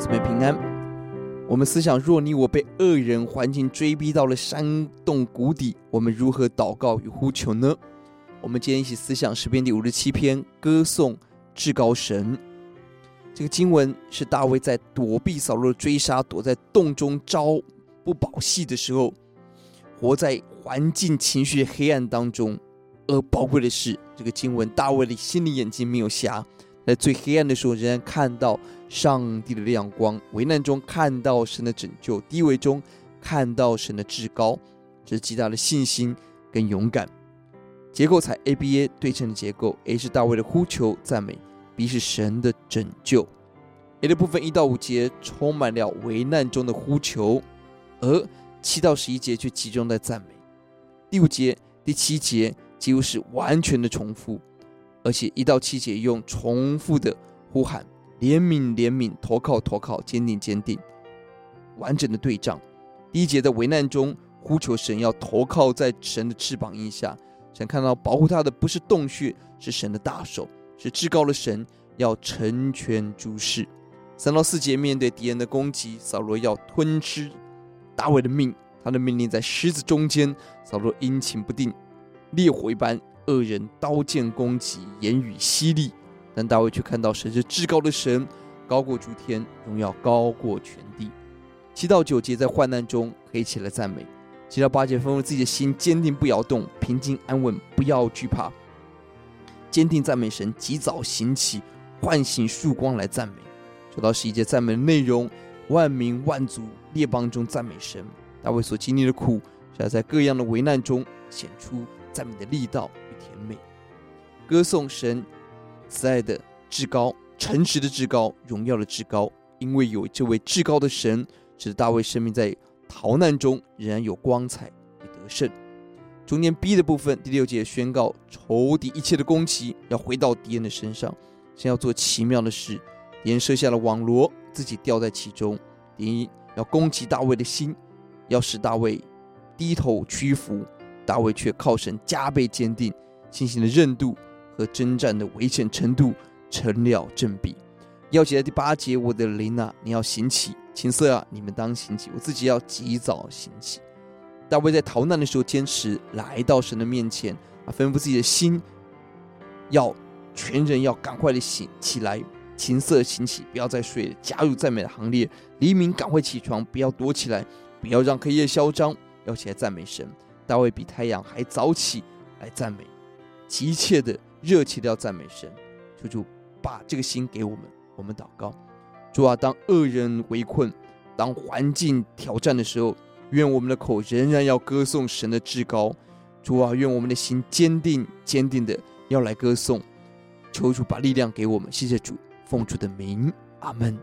姊妹平安。我們思想，若你我被惡人環境追逼到了山洞谷底，我們如何禱告與呼求呢？我們今天一起思想詩篇第五十七篇，歌頌至高神。這個經文是大衛在躲避掃羅追殺，躲在洞中朝不保夕的時候，活在環境情緒黑暗當中。而寶貴的是，這個經文大衛的心靈眼睛沒有瞎。在最黑暗的時候，仍然看到上帝的亮光；危難中看到神的拯救，低微中看到神的至高，這是極大的信心跟勇敢。結構採 ABA 對稱的結構：A 是大衛的呼求讚美，B 是神的拯救。A 的部分一到五節充滿了危難中的呼求，而七到十一節卻集中在讚美。第五節、第七節幾乎是完全的重複。而且一到七節用重複的呼喊憐憫憐憫，投靠投靠、靠，堅定堅定，完整的對仗。第一節在危難中呼求神，要投靠在神的翅膀蔭下，想看到保護他的不是洞穴，是神的大手，是至高的神要成全諸事。三到四節面對敵人的攻擊，掃羅要吞吃大衛的命，他的命令在獅子中間，掃羅陰晴不定，烈火一般。惡人刀劍攻擊，言語犀利，但大衛卻看到神是至高的神，高過諸天，榮耀高過全地。七到九節在患難中可以起來讚美，七到八節吩咐自己的心堅定不搖動，平靜安穩，不要懼怕，堅定讚美神。及早醒起，喚醒曙光來讚美。九到十一節讚美的內容，萬民萬族列邦中讚美神。大衛所經歷的苦，是要在各樣的危難中顯出讚美的力道。甜美，歌頌神慈愛的至高、誠實的至高、榮耀的至高。因為有這位至高的神，使大衛生命在逃難中仍然有光彩與得勝。中間 B 的部分，第六節宣告：仇敵一切的攻擊要回到敵人的身上，神要做奇妙的事，敵人設下了網羅，自己掉在其中。第一，要攻擊大衛的心，要使大衛低頭屈服。大衛卻靠神加倍堅定。信心的韌度和征戰的危險程度成了正比。要起來第八節，我的靈啊，你要醒起；琴瑟啊，你們當醒起；我自己要及早醒起。大衛在逃難的時候，堅持來到神的面前啊，吩咐自己的心要全人，要趕快的醒起來；琴瑟醒起，不要再睡了，加入讚美的行列。黎明趕快起床，不要躲起來，不要讓黑夜囂張，要起來讚美神。大衛比太陽還早起來讚美。急切的、熱切的要讚美神，求主把這個心給我們。我們禱告：主啊，當惡人圍困，當環境挑戰的時候，願我們的口仍然要歌頌神的至高。主啊，願我們的心堅定、堅定的要來歌頌。求主把力量給我們。謝謝主，奉主的名，阿門。